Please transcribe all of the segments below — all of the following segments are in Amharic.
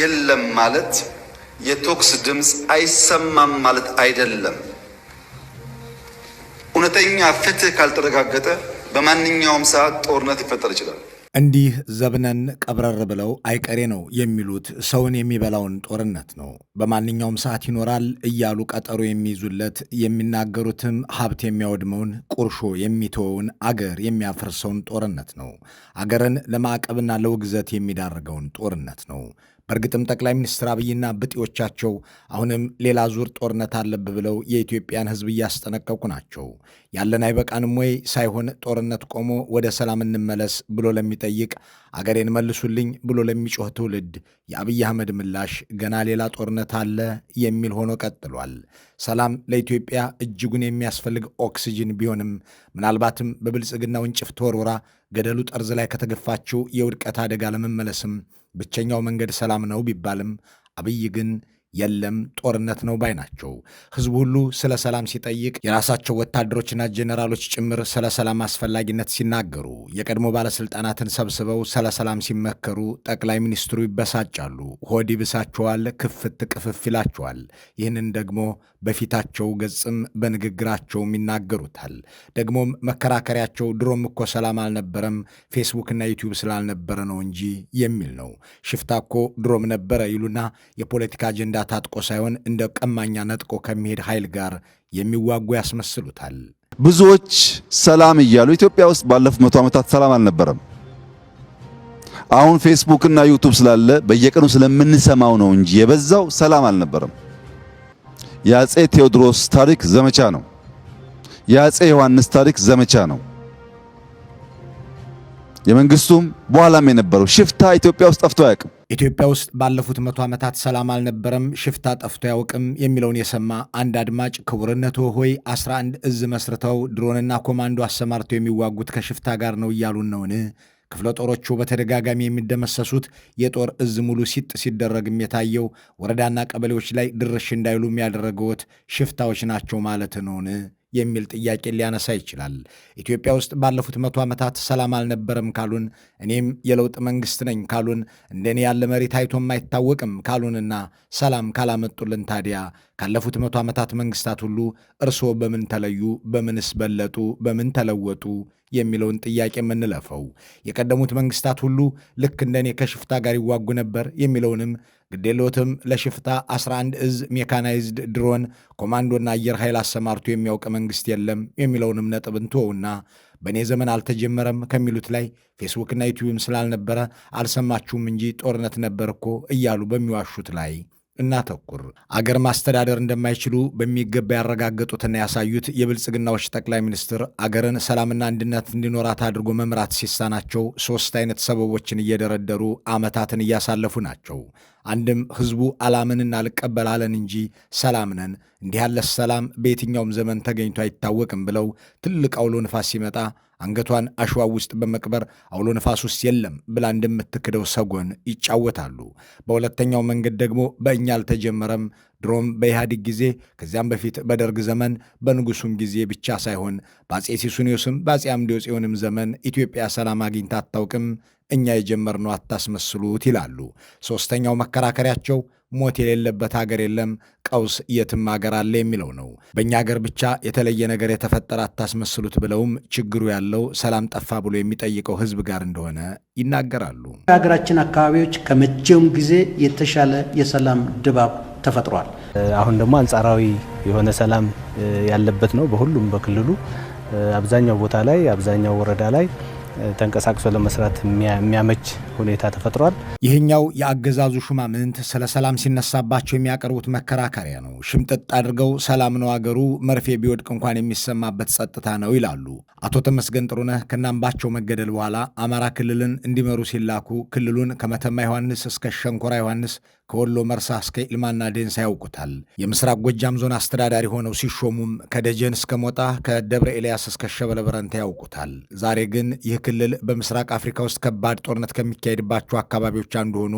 የለም ማለት የቶክስ ድምፅ አይሰማም ማለት አይደለም። እውነተኛ ፍትህ ካልተረጋገጠ በማንኛውም ሰዓት ጦርነት ይፈጠር ይችላል። እንዲህ ዘብነን ቀብረር ብለው አይቀሬ ነው የሚሉት ሰውን የሚበላውን ጦርነት ነው። በማንኛውም ሰዓት ይኖራል እያሉ ቀጠሮ የሚይዙለት የሚናገሩትም ሀብት የሚያወድመውን ቁርሾ የሚተወውን አገር የሚያፈርሰውን ጦርነት ነው። አገርን ለማዕቀብና ለውግዘት የሚዳርገውን ጦርነት ነው። በእርግጥም ጠቅላይ ሚኒስትር አብይና ብጤዎቻቸው አሁንም ሌላ ዙር ጦርነት አለብ ብለው የኢትዮጵያን ሕዝብ እያስጠነቀቁ ናቸው። ያለን አይበቃንም ወይ ሳይሆን ጦርነት ቆሞ ወደ ሰላም እንመለስ ብሎ ለሚጠይቅ አገሬን መልሱልኝ ብሎ ለሚጮህ ትውልድ የአብይ አህመድ ምላሽ ገና ሌላ ጦርነት አለ የሚል ሆኖ ቀጥሏል። ሰላም ለኢትዮጵያ እጅጉን የሚያስፈልግ ኦክስጅን ቢሆንም ምናልባትም በብልጽግና ውንጭፍ ተወርውራ ገደሉ ጠርዝ ላይ ከተገፋችው የውድቀት አደጋ ለመመለስም ብቸኛው መንገድ ሰላም ነው ቢባልም አብይ ግን የለም ጦርነት ነው ባይ ናቸው። ህዝቡ ሁሉ ስለ ሰላም ሲጠይቅ የራሳቸው ወታደሮችና ጄኔራሎች ጭምር ስለ ሰላም አስፈላጊነት ሲናገሩ፣ የቀድሞ ባለስልጣናትን ሰብስበው ስለ ሰላም ሲመከሩ ጠቅላይ ሚኒስትሩ ይበሳጫሉ። ሆድ ይብሳቸዋል፣ ክፍት ቅፍፍ ይላቸዋል። ይህንን ደግሞ በፊታቸው ገጽም በንግግራቸውም ይናገሩታል። ደግሞም መከራከሪያቸው ድሮም እኮ ሰላም አልነበረም ፌስቡክና ዩቲዩብ ስላልነበረ ነው እንጂ የሚል ነው። ሽፍታ እኮ ድሮም ነበረ ይሉና የፖለቲካ አጀንዳ ባንዳ ታጥቆ ሳይሆን እንደ ቀማኛ ነጥቆ ከሚሄድ ኃይል ጋር የሚዋጉ ያስመስሉታል። ብዙዎች ሰላም እያሉ ኢትዮጵያ ውስጥ ባለፉት መቶ ዓመታት ሰላም አልነበረም። አሁን ፌስቡክ እና ዩቱብ ስላለ በየቀኑ ስለምንሰማው ነው እንጂ የበዛው ሰላም አልነበረም። የአጼ ቴዎድሮስ ታሪክ ዘመቻ ነው። የአጼ ዮሐንስ ታሪክ ዘመቻ ነው። የመንግስቱም በኋላም የነበረው ሽፍታ ኢትዮጵያ ውስጥ ጠፍቶ አያውቅም። ኢትዮጵያ ውስጥ ባለፉት መቶ ዓመታት ሰላም አልነበረም፣ ሽፍታ ጠፍቶ አያውቅም የሚለውን የሰማ አንድ አድማጭ ክቡርነቶ ሆይ 11 እዝ መስርተው ድሮንና ኮማንዶ አሰማርተው የሚዋጉት ከሽፍታ ጋር ነው እያሉን ነውን? ክፍለ ጦሮቹ በተደጋጋሚ የሚደመሰሱት የጦር እዝ ሙሉ ሲጥ ሲደረግም የታየው ወረዳና ቀበሌዎች ላይ ድርሽ እንዳይሉ የሚያደረገውት ሽፍታዎች ናቸው ማለት ነውን? የሚል ጥያቄ ሊያነሳ ይችላል። ኢትዮጵያ ውስጥ ባለፉት መቶ ዓመታት ሰላም አልነበረም ካሉን፣ እኔም የለውጥ መንግስት ነኝ ካሉን፣ እንደኔ ያለ መሪ ታይቶም አይታወቅም ካሉንና ሰላም ካላመጡልን ታዲያ ካለፉት መቶ ዓመታት መንግስታት ሁሉ እርስዎ በምን ተለዩ? በምንስ በለጡ? በምን ተለወጡ? የሚለውን ጥያቄ የምንለፈው የቀደሙት መንግስታት ሁሉ ልክ እንደኔ ከሽፍታ ጋር ይዋጉ ነበር የሚለውንም ግዴሎትም ለሽፍታ 11 እዝ ሜካናይዝድ ድሮን ኮማንዶና አየር ኃይል አሰማርቶ የሚያውቅ መንግስት የለም የሚለውንም ነጥብ እንትወውና በእኔ ዘመን አልተጀመረም ከሚሉት ላይ ፌስቡክና ዩቲዩብም ስላልነበረ አልሰማችሁም እንጂ ጦርነት ነበር እኮ እያሉ በሚዋሹት ላይ እናተኩር። አገር ማስተዳደር እንደማይችሉ በሚገባ ያረጋገጡትና ያሳዩት የብልጽግናዎች ጠቅላይ ሚኒስትር አገርን ሰላምና አንድነት እንዲኖራት አድርጎ መምራት ሲሳናቸው ሶስት አይነት ሰበቦችን እየደረደሩ ዓመታትን እያሳለፉ ናቸው። አንድም ህዝቡ አላምንና እናልቀበላለን እንጂ ሰላም ነን፣ እንዲህ ያለ ሰላም በየትኛውም ዘመን ተገኝቶ አይታወቅም ብለው ትልቅ አውሎ ንፋስ ሲመጣ አንገቷን አሸዋ ውስጥ በመቅበር አውሎ ነፋስ ውስጥ የለም ብላ እንደምትክደው ሰጎን ይጫወታሉ። በሁለተኛው መንገድ ደግሞ በእኛ አልተጀመረም ድሮም በኢህአዲግ ጊዜ ከዚያም በፊት በደርግ ዘመን በንጉሱም ጊዜ ብቻ ሳይሆን በአጼ ሲሱኒዮስም በአጼ አምደ ዘመን ኢትዮጵያ ሰላም አግኝታ አታውቅም፣ እኛ የጀመርነው አታስመስሉት ይላሉ። ሦስተኛው መከራከሪያቸው ሞት የሌለበት ሀገር የለም፣ ቀውስ የትም ሀገር አለ የሚለው ነው። በእኛ ሀገር ብቻ የተለየ ነገር የተፈጠረ አታስመስሉት ብለውም ችግሩ ያለው ሰላም ጠፋ ብሎ የሚጠይቀው ህዝብ ጋር እንደሆነ ይናገራሉ። በሀገራችን አካባቢዎች ከመቼውም ጊዜ የተሻለ የሰላም ድባብ ተፈጥሯል። አሁን ደግሞ አንጻራዊ የሆነ ሰላም ያለበት ነው። በሁሉም በክልሉ አብዛኛው ቦታ ላይ አብዛኛው ወረዳ ላይ ተንቀሳቅሶ ለመስራት የሚያመች ሁኔታ ተፈጥሯል። ይህኛው የአገዛዙ ሹማምንት ስለ ሰላም ሲነሳባቸው የሚያቀርቡት መከራከሪያ ነው። ሽምጥጥ አድርገው ሰላም ነው አገሩ መርፌ ቢወድቅ እንኳን የሚሰማበት ጸጥታ ነው ይላሉ። አቶ ተመስገን ጥሩነህ ከናምባቸው መገደል በኋላ አማራ ክልልን እንዲመሩ ሲላኩ ክልሉን ከመተማ ዮሐንስ እስከ ሸንኮራ ዮሐንስ ከወሎ መርሳ እስከ ኢልማና ዴንሳ ያውቁታል። የምስራቅ ጎጃም ዞን አስተዳዳሪ ሆነው ሲሾሙም ከደጀን እስከ ሞጣ፣ ከደብረ ኤልያስ እስከ ሸበለ በረንታ ያውቁታል። ዛሬ ግን ይህ ክልል በምስራቅ አፍሪካ ውስጥ ከባድ ጦርነት ከሚካሄድባቸው አካባቢዎች አንዱ ሆኖ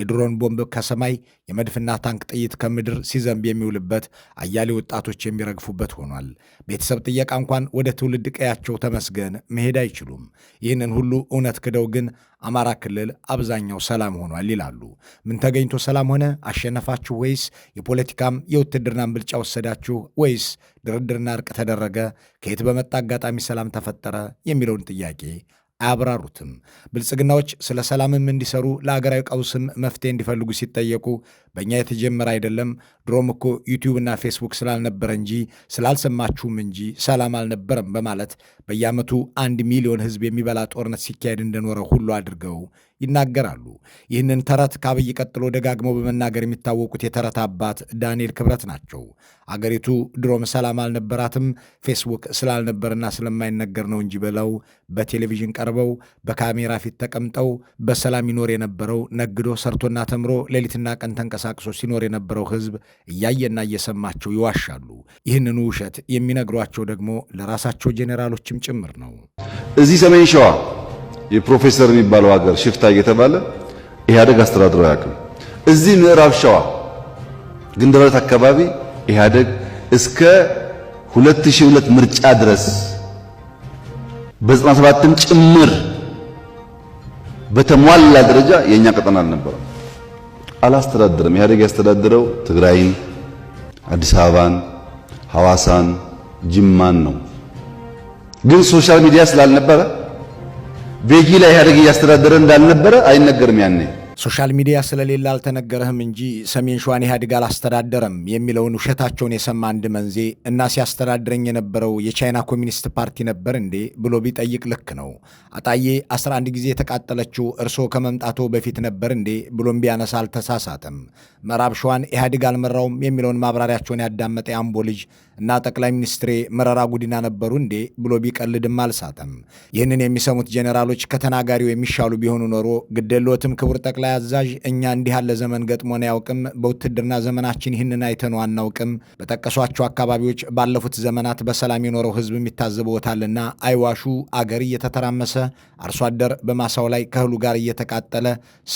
የድሮን ቦምብ ከሰማይ የመድፍና ታንክ ጥይት ከምድር ሲዘንብ የሚውልበት አያሌ ወጣቶች የሚረግፉበት ሆኗል። ቤተሰብ ጥየቃ እንኳን ወደ ትውልድ ቀያቸው ተመስገን መሄድ አይችሉም። ይህንን ሁሉ እውነት ክደው ግን አማራ ክልል አብዛኛው ሰላም ሆኗል ይላሉ። ምን ተገኝቶ ሰላም ሆነ? አሸነፋችሁ ወይስ የፖለቲካም የውትድርናም ብልጫ ወሰዳችሁ ወይስ ድርድርና እርቅ ተደረገ? ከየት በመጣ አጋጣሚ ሰላም ተፈጠረ? የሚለውን ጥያቄ አያብራሩትም። ብልጽግናዎች ስለ ሰላምም እንዲሰሩ ለአገራዊ ቀውስም መፍትሄ እንዲፈልጉ ሲጠየቁ በእኛ የተጀመረ አይደለም፣ ድሮም እኮ ዩቲዩብና ፌስቡክ ስላልነበረ እንጂ ስላልሰማችሁም እንጂ ሰላም አልነበረም በማለት በየዓመቱ አንድ ሚሊዮን ሕዝብ የሚበላ ጦርነት ሲካሄድ እንደኖረ ሁሉ አድርገው ይናገራሉ። ይህንን ተረት ከአብይ ቀጥሎ ደጋግመው በመናገር የሚታወቁት የተረት አባት ዳንኤል ክብረት ናቸው። አገሪቱ ድሮም ሰላም አልነበራትም፣ ፌስቡክ ስላልነበርና ስለማይነገር ነው እንጂ ብለው በቴሌቪዥን ቀርበው በካሜራ ፊት ተቀምጠው በሰላም ይኖር የነበረው ነግዶ ሰርቶና ተምሮ ሌሊትና ቀን ተንቀሳቅሶ ሲኖር የነበረው ሕዝብ እያየና እየሰማቸው ይዋሻሉ። ይህንኑ ውሸት የሚነግሯቸው ደግሞ ለራሳቸው ጄኔራሎችም ጭምር ነው። እዚህ ሰሜን ሸዋ የፕሮፌሰር የሚባለው ሀገር ሽፍታ እየተባለ ኢህአደግ አስተዳድሮ አያውቅም። እዚህ ምዕራብ ሸዋ ግንደበረት አካባቢ ኢህአደግ እስከ 2002 ምርጫ ድረስ በ97ም ጭምር በተሟላ ደረጃ የኛ ቀጠና አልነበረም። አላስተዳደረም። ኢህአደግ ያስተዳደረው ትግራይን፣ አዲስ አበባን፣ ሐዋሳን፣ ጅማን ነው። ግን ሶሻል ሚዲያ ስላልነበረ ቤጊ ላይ ኢህአዴግ እያስተዳደረ እንዳልነበረ አይነገርም ያኔ ሶሻል ሚዲያ ስለሌለ አልተነገረህም እንጂ ሰሜን ሸዋን ኢህአዴግ አላስተዳደረም የሚለውን ውሸታቸውን የሰማ አንድ መንዜ እና ሲያስተዳድረኝ የነበረው የቻይና ኮሚኒስት ፓርቲ ነበር እንዴ ብሎ ቢጠይቅ ልክ ነው። አጣዬ 11 ጊዜ የተቃጠለችው እርሶ ከመምጣቶ በፊት ነበር እንዴ ብሎም ቢያነሳ አልተሳሳተም። ምዕራብ ሸዋን ኢህአዴግ አልመራውም የሚለውን ማብራሪያቸውን ያዳመጠ የአምቦ ልጅ እና ጠቅላይ ሚኒስትሬ መረራ ጉዲና ነበሩ እንዴ ብሎ ቢቀልድም አልሳተም። ይህንን የሚሰሙት ጄኔራሎች ከተናጋሪው የሚሻሉ ቢሆኑ ኖሮ ግደሎትም ክቡር ጠቅላይ አዛዥ እኛ እንዲህ ያለ ዘመን ገጥሞን አያውቅም፣ በውትድርና ዘመናችን ይህንን አይተን አናውቅም፣ በጠቀሷቸው አካባቢዎች ባለፉት ዘመናት በሰላም የኖረው ህዝብ የሚታዘበዎታልና አይዋሹ። አገር እየተተራመሰ አርሶ አደር በማሳው ላይ ከእህሉ ጋር እየተቃጠለ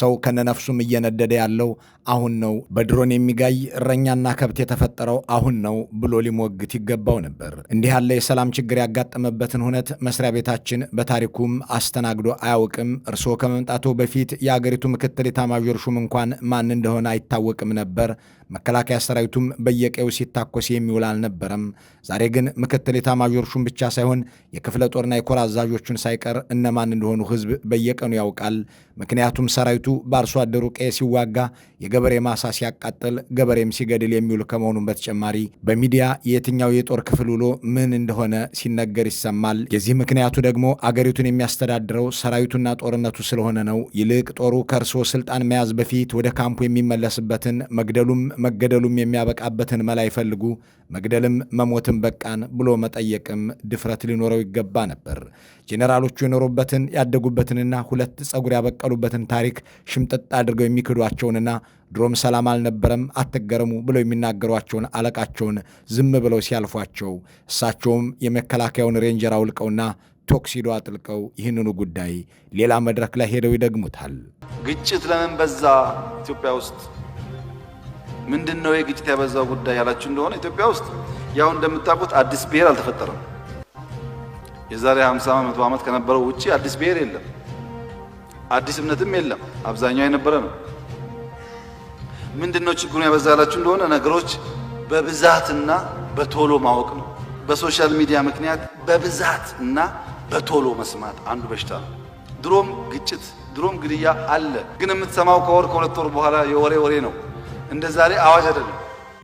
ሰው ከነነፍሱም እየነደደ ያለው አሁን ነው፣ በድሮን የሚጋይ እረኛና ከብት የተፈጠረው አሁን ነው ብሎ ሊሞግት ይገባው ነበር። እንዲህ ያለ የሰላም ችግር ያጋጠመበትን ሁነት መስሪያ ቤታችን በታሪኩም አስተናግዶ አያውቅም። እርስዎ ከመምጣቱ በፊት የአገሪቱ ምክትል ኤታማዦር ሹም እንኳን ማን እንደሆነ አይታወቅም ነበር መከላከያ ሰራዊቱም በየቀዩ ሲታኮስ የሚውል አልነበረም። ዛሬ ግን ምክትል ኤታማዦር ሹም ብቻ ሳይሆን የክፍለ ጦርና የኮር አዛዦቹን ሳይቀር እነማን እንደሆኑ ህዝብ በየቀኑ ያውቃል። ምክንያቱም ሰራዊቱ በአርሶ አደሩ ቀየ ሲዋጋ፣ የገበሬ ማሳ ሲያቃጥል፣ ገበሬም ሲገድል የሚውል ከመሆኑም በተጨማሪ በሚዲያ የትኛው የጦር ክፍል ውሎ ምን እንደሆነ ሲነገር ይሰማል። የዚህ ምክንያቱ ደግሞ አገሪቱን የሚያስተዳድረው ሰራዊቱና ጦርነቱ ስለሆነ ነው። ይልቅ ጦሩ ከእርስዎ ስልጣን መያዝ በፊት ወደ ካምፑ የሚመለስበትን መግደሉም መገደሉም የሚያበቃበትን መላ ይፈልጉ፣ መግደልም መሞትም በቃን ብሎ መጠየቅም ድፍረት ሊኖረው ይገባ ነበር። ጄኔራሎቹ የኖሩበትን ያደጉበትንና ሁለት ጸጉር ያበቀሉበትን ታሪክ ሽምጥጥ አድርገው የሚክዷቸውንና ድሮም ሰላም አልነበረም አትገረሙ ብለው የሚናገሯቸውን አለቃቸውን ዝም ብለው ሲያልፏቸው እሳቸውም የመከላከያውን ሬንጀር አውልቀውና ቶክሲዶ አጥልቀው ይህንኑ ጉዳይ ሌላ መድረክ ላይ ሄደው ይደግሙታል። ግጭት ለምን በዛ ኢትዮጵያ ውስጥ? ምንድን ነው የግጭት ያበዛው ጉዳይ ያላችሁ እንደሆነ ኢትዮጵያ ውስጥ ያው እንደምታውቁት አዲስ ብሔር አልተፈጠረም። የዛሬ 50 መቶ ዓመት ከነበረው ውጪ አዲስ ብሔር የለም፣ አዲስ እምነትም የለም። አብዛኛው የነበረ ነው። ምንድን ነው ችግሩን ያበዛ ያላችሁ እንደሆነ ነገሮች በብዛትና በቶሎ ማወቅ ነው። በሶሻል ሚዲያ ምክንያት በብዛት እና በቶሎ መስማት አንዱ በሽታ ነው። ድሮም ግጭት ድሮም ግድያ አለ፣ ግን የምትሰማው ከወር ከሁለት ወር በኋላ የወሬ ወሬ ነው። እንደ ዛሬ አዋጅ አይደለም።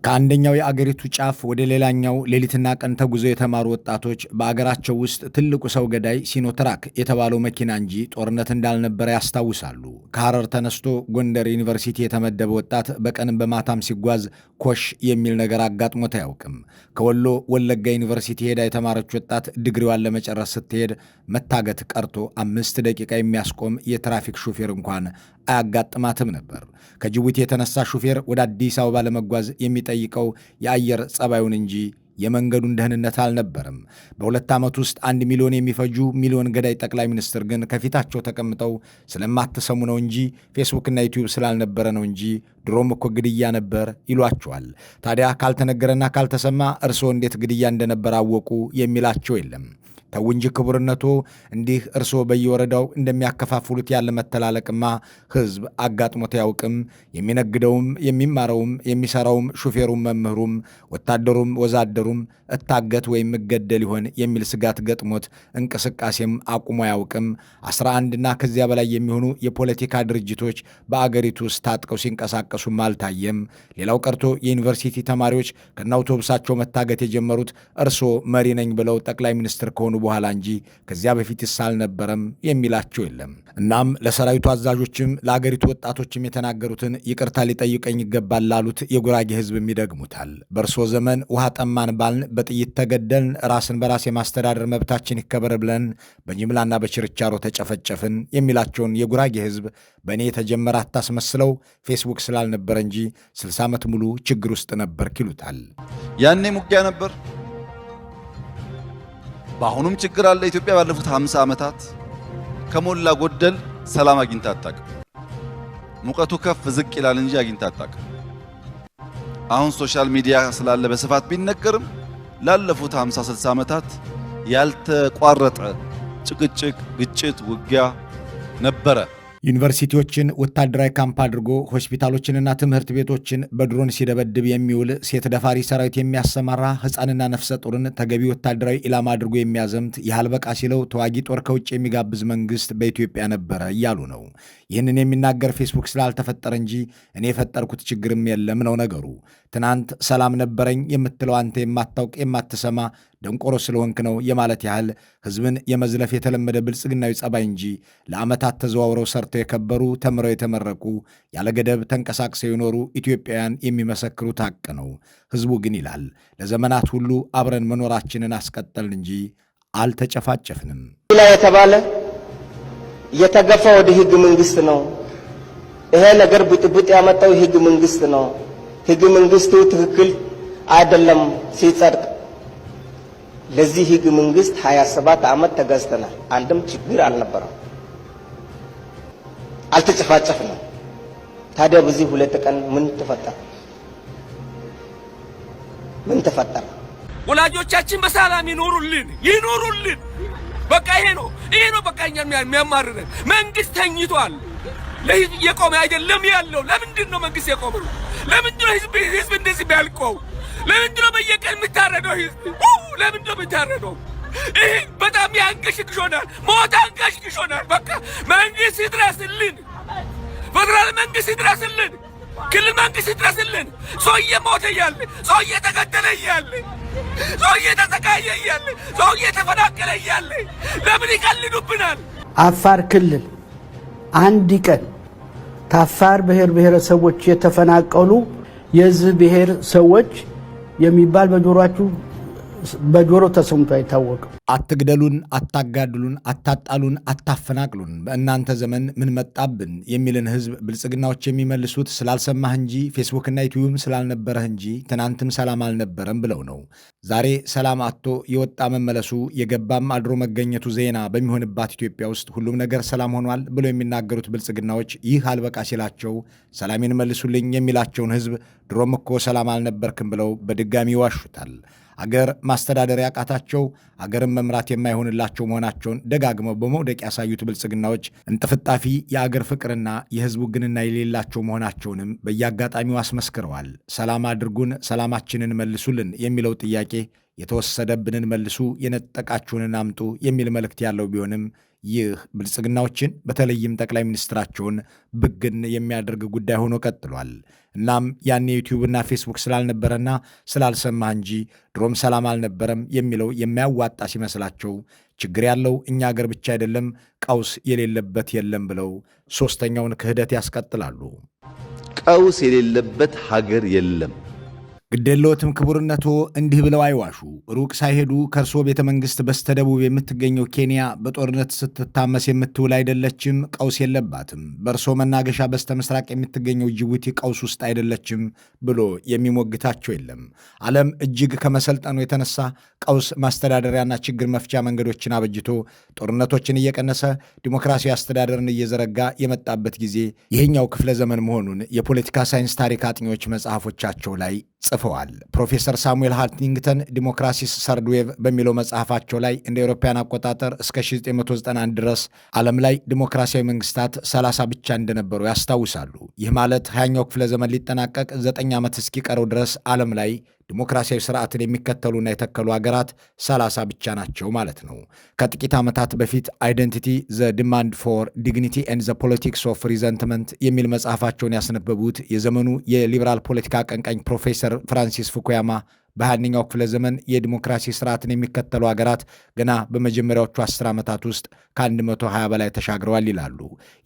ከአንደኛው የአገሪቱ ጫፍ ወደ ሌላኛው ሌሊትና ቀን ተጉዞ የተማሩ ወጣቶች በአገራቸው ውስጥ ትልቁ ሰው ገዳይ ሲኖትራክ የተባለው መኪና እንጂ ጦርነት እንዳልነበረ ያስታውሳሉ። ከሐረር ተነስቶ ጎንደር ዩኒቨርሲቲ የተመደበ ወጣት በቀንም በማታም ሲጓዝ ኮሽ የሚል ነገር አጋጥሞት አያውቅም። ከወሎ ወለጋ ዩኒቨርሲቲ ሄዳ የተማረች ወጣት ድግሪዋን ለመጨረስ ስትሄድ መታገት ቀርቶ አምስት ደቂቃ የሚያስቆም የትራፊክ ሹፌር እንኳን አያጋጥማትም ነበር። ከጅቡቲ የተነሳ ሹፌር ወደ አዲስ አበባ ለመጓዝ የሚጠይቀው የአየር ጸባዩን እንጂ የመንገዱን ደህንነት አልነበርም። በሁለት ዓመት ውስጥ አንድ ሚሊዮን የሚፈጁ ሚሊዮን ገዳይ ጠቅላይ ሚኒስትር ግን ከፊታቸው ተቀምጠው ስለማትሰሙ ነው እንጂ ፌስቡክና ዩቲዩብ ስላልነበረ ነው እንጂ ድሮም እኮ ግድያ ነበር ይሏቸዋል። ታዲያ ካልተነገረና ካልተሰማ እርስዎ እንዴት ግድያ እንደነበር አወቁ የሚላቸው የለም። ተው እንጂ ክቡርነቱ እንዲህ እርስዎ በየወረዳው እንደሚያከፋፍሉት ያለ መተላለቅማ ህዝብ አጋጥሞት አያውቅም። የሚነግደውም፣ የሚማረውም፣ የሚሰራውም፣ ሹፌሩም፣ መምህሩም፣ ወታደሩም፣ ወዛደሩም እታገት ወይም እገደል ይሆን የሚል ስጋት ገጥሞት እንቅስቃሴም አቁሞ አያውቅም። አስራ አንድና ከዚያ በላይ የሚሆኑ የፖለቲካ ድርጅቶች በአገሪቱ ውስጥ ታጥቀው ሲንቀሳቀሱም አልታየም። ሌላው ቀርቶ የዩኒቨርሲቲ ተማሪዎች ከነ አውቶቡሳቸው መታገት የጀመሩት እርስዎ መሪ ነኝ ብለው ጠቅላይ ሚኒስትር ከሆኑ በኋላ እንጂ ከዚያ በፊት አልነበረም የሚላቸው የለም። እናም ለሰራዊቱ አዛዦችም ለአገሪቱ ወጣቶችም የተናገሩትን ይቅርታ ሊጠይቀኝ ይገባል ላሉት የጉራጌ ህዝብ ይደግሙታል። በእርሶ ዘመን ውሃ ጠማን ባልን፣ በጥይት ተገደልን፣ ራስን በራስ የማስተዳደር መብታችን ይከበር ብለን በጅምላና በችርቻሮ ተጨፈጨፍን የሚላቸውን የጉራጌ ህዝብ በእኔ የተጀመረ አታስመስለው ፌስቡክ ስላልነበረ እንጂ 60 ዓመት ሙሉ ችግር ውስጥ ነበርክ ይሉታል። ያኔ ሙጊያ ነበር በአሁኑም ችግር አለ። ኢትዮጵያ ባለፉት 50 ዓመታት ከሞላ ጎደል ሰላም አግኝታ አታውቅም። ሙቀቱ ከፍ ዝቅ ይላል እንጂ አግኝታ አታውቅም። አሁን ሶሻል ሚዲያ ስላለ በስፋት ቢነገርም ላለፉት 50 60 ዓመታት ያልተቋረጠ ጭቅጭቅ፣ ግጭት፣ ውጊያ ነበረ። ዩኒቨርሲቲዎችን ወታደራዊ ካምፕ አድርጎ ሆስፒታሎችንና ትምህርት ቤቶችን በድሮን ሲደበድብ የሚውል ሴት ደፋሪ ሰራዊት የሚያሰማራ ህፃንና ነፍሰ ጡርን ተገቢ ወታደራዊ ኢላማ አድርጎ የሚያዘምት ያህልበቃ ሲለው ተዋጊ ጦር ከውጭ የሚጋብዝ መንግስት በኢትዮጵያ ነበረ እያሉ ነው። ይህንን የሚናገር ፌስቡክ ስላልተፈጠረ እንጂ እኔ የፈጠርኩት ችግርም የለም ነው ነገሩ። ትናንት ሰላም ነበረኝ የምትለው አንተ የማታውቅ የማትሰማ ደንቆሮ ስለወንክ ነው የማለት ያህል ህዝብን የመዝለፍ የተለመደ ብልጽግናዊ ጸባይ እንጂ ለዓመታት ተዘዋውረው ሰርተው የከበሩ ተምረው የተመረቁ ያለገደብ ተንቀሳቅሰው የኖሩ ኢትዮጵያውያን የሚመሰክሩት ሐቅ ነው። ህዝቡ ግን ይላል ለዘመናት ሁሉ አብረን መኖራችንን አስቀጠልን እንጂ አልተጨፋጨፍንም። ላ የተባለ የተገፋ ወደ ህግ መንግስት ነው። ይሄ ነገር ብጥብጥ ያመጣው ህግ መንግስት ነው። ህግ መንግስቱ ትክክል አይደለም ሲጸድቅ ለዚህ ህግ መንግስት 27 ዓመት ተገዝተናል። አንድም ችግር አልነበረም፣ አልተጨፋጨፍንም። ታዲያ በዚህ ሁለት ቀን ምን ተፈጠረ? ምን ተፈጠረ? ወላጆቻችን በሰላም ይኖሩልን ይኖሩልን። በቃ ይሄ ነው ይሄ ነው በቃ እኛ የሚያማርረን መንግስት ተኝቷል። ለህዝብ እየቆመ አይደለም ያለው። ለምንድን ነው መንግስት የቆመው? ለምንድን ነው ህዝብ እንደዚህ ቢያልቀው? ለምንድን ነው በየቀን የምታረደው ህዝብ ለምን ነው የምታረደው? ይህ በጣም ያንገሽግሽ ሞት አንገሽግሽ በቃ መንግስት ይድረስልን፣ ፌደራል መንግስት ይድረስልን፣ ክልል መንግስት ይድረስልን። ሰው እየሞተ እያለ ሰው እየተገደለ እያለ ሰው እየተሰቃየ እያለ ሰው እየተፈናቀለ እያለ ለምን ይቀልዱብናል? አፋር ክልል አንድ ቀን ከአፋር ብሔር ብሔረሰቦች የተፈናቀሉ የዚህ ብሔር ሰዎች የሚባል በጆሯችሁ በጆሮ ተሰምቶ አይታወቅም። አትግደሉን፣ አታጋድሉን፣ አታጣሉን፣ አታፈናቅሉን፣ በእናንተ ዘመን ምን መጣብን የሚልን ህዝብ ብልጽግናዎች የሚመልሱት ስላልሰማህ እንጂ ፌስቡክና ዩትዩብም ስላልነበረህ እንጂ ትናንትም ሰላም አልነበረም ብለው ነው። ዛሬ ሰላም አቶ የወጣ መመለሱ የገባም አድሮ መገኘቱ ዜና በሚሆንባት ኢትዮጵያ ውስጥ ሁሉም ነገር ሰላም ሆኗል ብለው የሚናገሩት ብልጽግናዎች ይህ አልበቃ ሲላቸው ሰላሜን መልሱልኝ የሚላቸውን ህዝብ ድሮም እኮ ሰላም አልነበርክም ብለው በድጋሚ ይዋሹታል። አገር ማስተዳደር ያቃታቸው አገርን መምራት የማይሆንላቸው መሆናቸውን ደጋግመው በመውደቅ ያሳዩት ብልጽግናዎች እንጥፍጣፊ የአገር ፍቅርና የህዝቡ ግንና የሌላቸው መሆናቸውንም በየአጋጣሚው አስመስክረዋል። ሰላም አድርጉን፣ ሰላማችንን መልሱልን የሚለው ጥያቄ የተወሰደብንን መልሱ፣ የነጠቃችሁንን አምጡ የሚል መልእክት ያለው ቢሆንም ይህ ብልጽግናዎችን በተለይም ጠቅላይ ሚኒስትራቸውን ብግን የሚያደርግ ጉዳይ ሆኖ ቀጥሏል። እናም ያኔ ዩቲዩብና ፌስቡክ ስላልነበረና ስላልሰማ እንጂ ድሮም ሰላም አልነበረም የሚለው የሚያዋጣ ሲመስላቸው ችግር ያለው እኛ አገር ብቻ አይደለም፣ ቀውስ የሌለበት የለም ብለው ሦስተኛውን ክህደት ያስቀጥላሉ። ቀውስ የሌለበት ሀገር የለም ግደሎትም ክቡርነቶ እንዲህ ብለው አይዋሹ። ሩቅ ሳይሄዱ ከእርሶ ቤተ መንግሥት በስተደቡብ የምትገኘው ኬንያ በጦርነት ስትታመስ የምትውል አይደለችም፣ ቀውስ የለባትም። በእርሶ መናገሻ በስተ ምስራቅ የምትገኘው ጅቡቲ ቀውስ ውስጥ አይደለችም ብሎ የሚሞግታቸው የለም። ዓለም እጅግ ከመሰልጠኑ የተነሳ ቀውስ ማስተዳደሪያና ችግር መፍቻ መንገዶችን አበጅቶ ጦርነቶችን እየቀነሰ ዲሞክራሲ አስተዳደርን እየዘረጋ የመጣበት ጊዜ ይህኛው ክፍለ ዘመን መሆኑን የፖለቲካ ሳይንስ ታሪክ አጥኚዎች መጽሐፎቻቸው ላይ ጽፈዋል። ፕሮፌሰር ሳሙኤል ሃንቲንግተን ዲሞክራሲስ ሰርድ ዌቭ በሚለው መጽሐፋቸው ላይ እንደ አውሮፓውያን አቆጣጠር እስከ 1991 ድረስ ዓለም ላይ ዲሞክራሲያዊ መንግስታት 30 ብቻ እንደነበሩ ያስታውሳሉ። ይህ ማለት 20ኛው ክፍለ ዘመን ሊጠናቀቅ 9 ዓመት እስኪቀረው ድረስ ዓለም ላይ ዲሞክራሲያዊ ስርዓትን የሚከተሉና የተከሉ ሀገራት 30 ብቻ ናቸው ማለት ነው። ከጥቂት ዓመታት በፊት አይደንቲቲ ዘ ዲማንድ ፎር ዲግኒቲ ኤንድ ዘ ፖለቲክስ ኦፍ ሪዘንትመንት የሚል መጽሐፋቸውን ያስነበቡት የዘመኑ የሊበራል ፖለቲካ አቀንቃኝ ፕሮፌሰር ፍራንሲስ ፉኩያማ በሃያኛው ክፍለ ዘመን የዲሞክራሲ ስርዓትን የሚከተሉ ሀገራት ገና በመጀመሪያዎቹ አስር ዓመታት ውስጥ ከ120 በላይ ተሻግረዋል ይላሉ።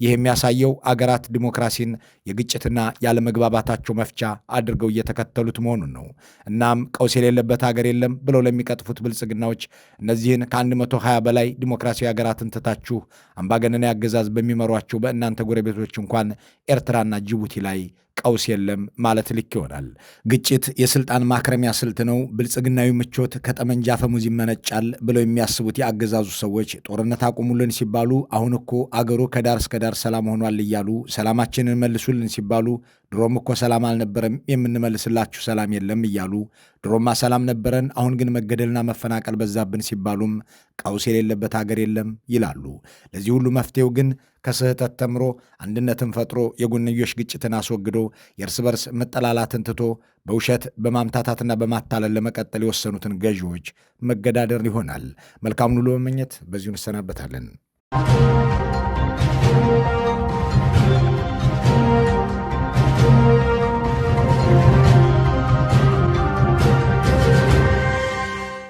ይህ የሚያሳየው አገራት ዲሞክራሲን የግጭትና ያለመግባባታቸው መፍቻ አድርገው እየተከተሉት መሆኑን ነው። እናም ቀውስ የሌለበት ሀገር የለም ብለው ለሚቀጥፉት ብልጽግናዎች እነዚህን ከ120 በላይ ዲሞክራሲያዊ ሀገራትን ትታችሁ አምባገነናዊ አገዛዝ በሚመሯቸው በእናንተ ጎረቤቶች እንኳን ኤርትራና ጅቡቲ ላይ ቀውስ የለም ማለት ልክ ይሆናል። ግጭት የስልጣን ማክረሚያ ስልት ነው፣ ብልጽግናዊ ምቾት ከጠመንጃ ፈሙዝ ይመነጫል ብለው የሚያስቡት የአገዛዙ ሰዎች ጦርነት አቁሙልን ሲባሉ አሁን እኮ አገሩ ከዳር እስከ ዳር ሰላም ሆኗል እያሉ ሰላማችንን መልሱልን ሲባሉ ድሮም እኮ ሰላም አልነበረም፣ የምንመልስላችሁ ሰላም የለም እያሉ ድሮማ ሰላም ነበረን፣ አሁን ግን መገደልና መፈናቀል በዛብን ሲባሉም ቀውስ የሌለበት አገር የለም ይላሉ። ለዚህ ሁሉ መፍትሄው ግን ከስህተት ተምሮ አንድነትን ፈጥሮ የጎንዮሽ ግጭትን አስወግዶ የእርስ በርስ መጠላላትን ትቶ በውሸት በማምታታትና በማታለል ለመቀጠል የወሰኑትን ገዢዎች መገዳደር ይሆናል። መልካሙን ሁሉ መመኘት በዚሁ እንሰናበታለን።